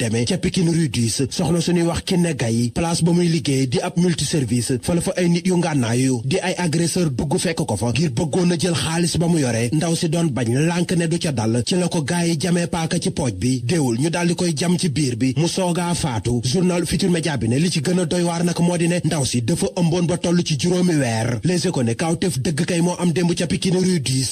deme ca Pikine rue 10 soxna suñuy wax Kiné Gaye place ba muy liggéey di ab multiservice fa la fa ay nit yu ngànnaayu di ay agresseur dugg fekk ko fa ngir bëggoon a jël xaalis ba mu yore ndaw si doon bañ lànk ne du ca dal ci la ko gaay jamee paaka ci pooj bi déewul ñu daldi koy jam ci biir bi mu soogaa faatu journal Futurs Médias bi ne li ci gën a doy waar nag moo di ne ndaw si dafa ëmboon ba toll ci juróomi weer Les Échos ne kaawteef dëgg kay moo am démb ca Pikine rue